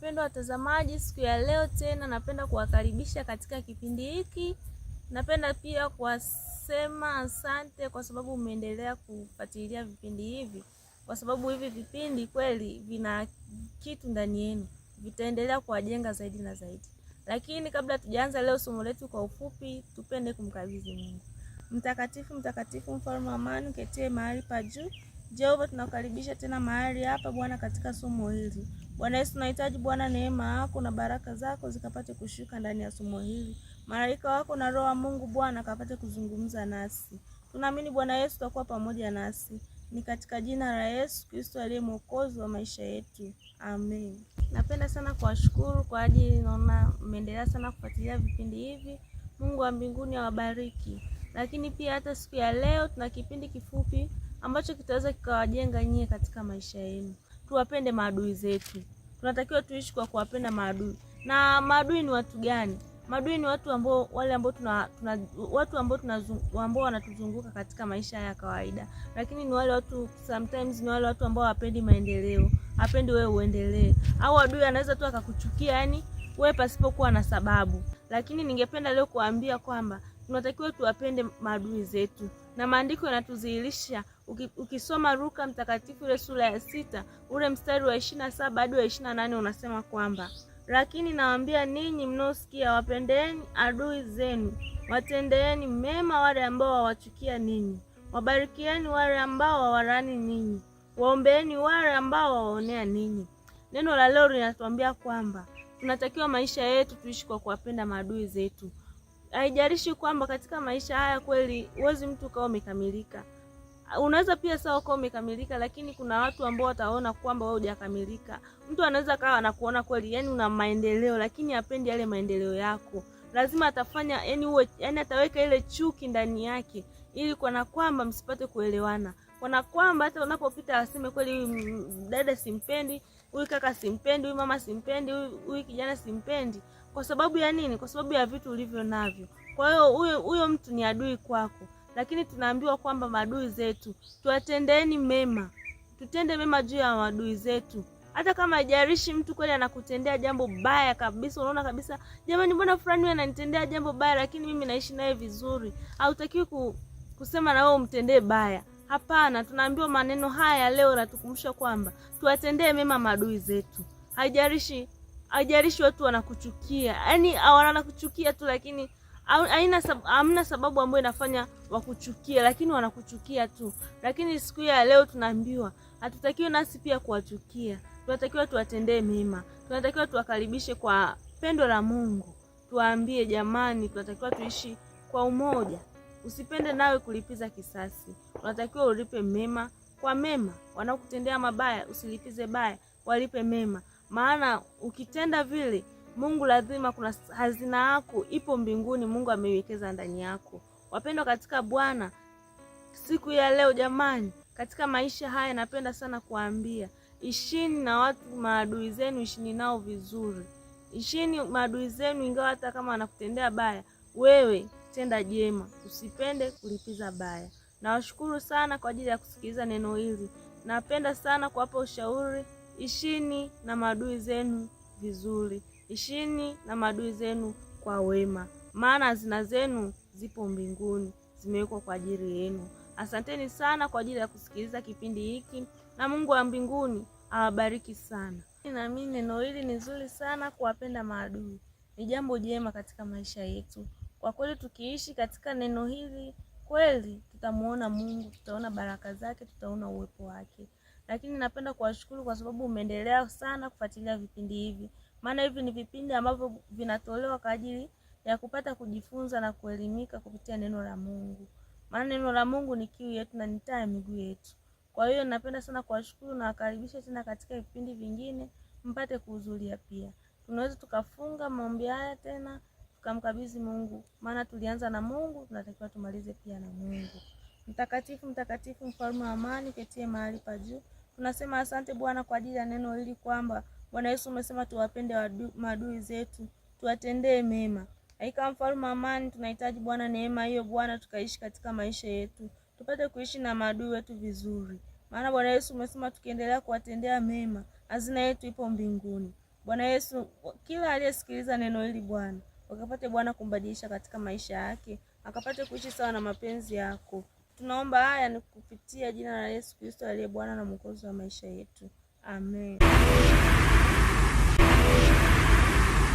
wapendwa watazamaji, siku ya leo tena napenda kuwakaribisha katika kipindi hiki. Napenda pia kuwasema asante kwa sababu umeendelea kufuatilia vipindi hivi, kwa sababu hivi vipindi kweli vina kitu ndani yenu, vitaendelea kuwajenga zaidi na zaidi. Lakini kabla tujaanza leo somo letu, kwa ufupi, tupende kumkabidhi Mungu. Mtakatifu, mtakatifu, mfalme wa amani, uketie mahali pa juu Jehova, tunakukaribisha tena mahali hapa Bwana, katika somo hili Bwana Yesu, tunahitaji Bwana neema yako na baraka zako zikapate kushuka ndani ya somo hili, malaika wako na Roho wa Mungu Bwana kapate kuzungumza nasi. Tunaamini Bwana Yesu utakuwa pamoja nasi, ni katika jina la Yesu Kristo aliye mwokozi wa maisha yetu, amen. Napenda sana kuwashukuru kwa ajili, naona mmeendelea sana kufuatilia vipindi hivi. Mungu wa mbinguni awabariki. Lakini pia hata siku ya leo tuna kipindi kifupi ambacho kitaweza kikawajenga nyie katika maisha yenu. Tuwapende maadui zetu tunatakiwa tuishi kwa kuwapenda maadui. Na maadui ni watu gani? Maadui ni watu ambao wale ambao tuna, tuna watu ambao tuna ambao wanatuzunguka katika maisha ya kawaida, lakini ni wale watu sometimes, ni wale watu ambao hawapendi maendeleo, hapendi wewe uendelee, au adui anaweza tu akakuchukia yani wewe pasipokuwa na sababu. Lakini ningependa leo kuambia kwamba tunatakiwa tuwapende maadui zetu, na maandiko yanatuzihirisha. Ukisoma Luka Mtakatifu ile sura ya sita ule mstari wa ishirini na saba hadi wa ishirini na nane unasema kwamba lakini nawaambia ninyi mnaosikia, wapendeeni adui zenu, watendeeni mema wale ambao wawachukia ninyi, wabarikieni wale ambao wawarani ninyi, waombeeni wale ambao wawaonea ninyi. Neno la leo linatuambia kwamba tunatakiwa maisha yetu tuishi kwa kuwapenda maadui zetu haijalishi kwamba katika maisha haya kweli huwezi mtu ukawa umekamilika. Unaweza pia sawa ukawa umekamilika, lakini kuna watu ambao wataona kwamba wewe hujakamilika. Mtu anaweza kawa anakuona kweli, yani una maendeleo, lakini apendi yale maendeleo yako. Lazima atafanya yani uwe, yani ataweka ile chuki ndani yake, ili kana kwamba msipate kuelewana, kana kwamba hata unapopita aseme kweli, huyu dada simpendi, huyu kaka simpendi, huyu mama simpendi, huyu kijana simpendi. Kwa sababu ya nini? Kwa sababu ya vitu ulivyo navyo. Kwa hiyo huyo huyo mtu ni adui kwako, lakini tunaambiwa kwamba maadui zetu tuwatendeeni mema, tutende mema juu ya maadui zetu hata kama haijalishi mtu kweli anakutendea jambo baya kabisa, unaona kabisa, jamani, mbona fulani huyu ananitendea jambo baya, lakini mimi naishi naye vizuri. Hautakiwi ku, kusema na wewe umtendee baya. Hapana, tunaambiwa maneno haya leo natukumbusha kwamba tuwatendee mema maadui zetu, haijarishi ajarishi watu wanakuchukia, yani wanakuchukia tu, lakini aina hamna sababu ambayo inafanya wakuchukia, lakini wanakuchukia tu. Lakini siku ya leo tunaambiwa hatutakiwi nasi pia kuwachukia, tunatakiwa tuwatendee mema, tunatakiwa tuwakaribishe kwa pendo la Mungu, tuwaambie jamani, tunatakiwa tuishi kwa umoja. Usipende nawe kulipiza kisasi, unatakiwa ulipe mema kwa mema. Wanaokutendea mabaya usilipize baya, walipe mema maana ukitenda vile Mungu lazima, kuna hazina yako ipo mbinguni, Mungu ameiwekeza ndani yako. Wapendwa katika Bwana, siku ya leo jamani, katika maisha haya napenda sana kuambia ishini na watu maadui zenu, ishini nao vizuri. Ishini maadui zenu, ingawa hata kama wanakutendea baya, wewe tenda jema, usipende kulipiza baya. Nawashukuru sana kwa ajili ya kusikiliza neno hili. Napenda sana kuwapa ushauri Ishini na maadui zenu vizuri, ishini na maadui zenu kwa wema, maana hazina zenu zipo mbinguni, zimewekwa kwa ajili yenu. Asanteni sana kwa ajili ya kusikiliza kipindi hiki, na Mungu wa mbinguni awabariki sana. Nami neno hili ni zuri sana, kuwapenda maadui ni jambo jema katika maisha yetu. Kwa kweli, tukiishi katika neno hili kweli, tutamwona Mungu, tutaona baraka zake, tutaona uwepo wake lakini napenda kuwashukuru kwa sababu umeendelea sana kufuatilia vipindi hivi, maana hivi ni vipindi ambavyo vinatolewa kwa ajili ya kupata kujifunza na kuelimika kupitia neno la Mungu, maana neno la Mungu ni kiu yetu na ni taa ya miguu yetu. Kwa hiyo napenda sana kuwashukuru na wakaribisha tena katika vipindi vingine mpate kuhudhuria pia. Tunaweza tukafunga maombi haya tena tukamkabidhi Mungu, maana tulianza na Mungu, tunatakiwa tumalize pia na Mungu. Mtakatifu, mtakatifu, mfalme wa amani, ketie mahali pa juu Tunasema asante Bwana kwa ajili ya neno hili, kwamba Bwana Yesu umesema tuwapende maadui zetu, tuwatendee mema. aika mfalme amani, tunahitaji Bwana neema hiyo Bwana, tukaishi katika maisha yetu, tupate kuishi na maadui wetu vizuri, maana Bwana Yesu umesema tukiendelea kuwatendea mema, hazina yetu ipo mbinguni. Bwana Yesu, kila aliyesikiliza neno hili Bwana, wakapate Bwana kumbadilisha katika maisha yake, akapate kuishi sawa na mapenzi yako. Tunaomba haya ni kupitia jina la Yesu Kristo aliye Bwana na Mwokozi wa maisha yetu. Amen.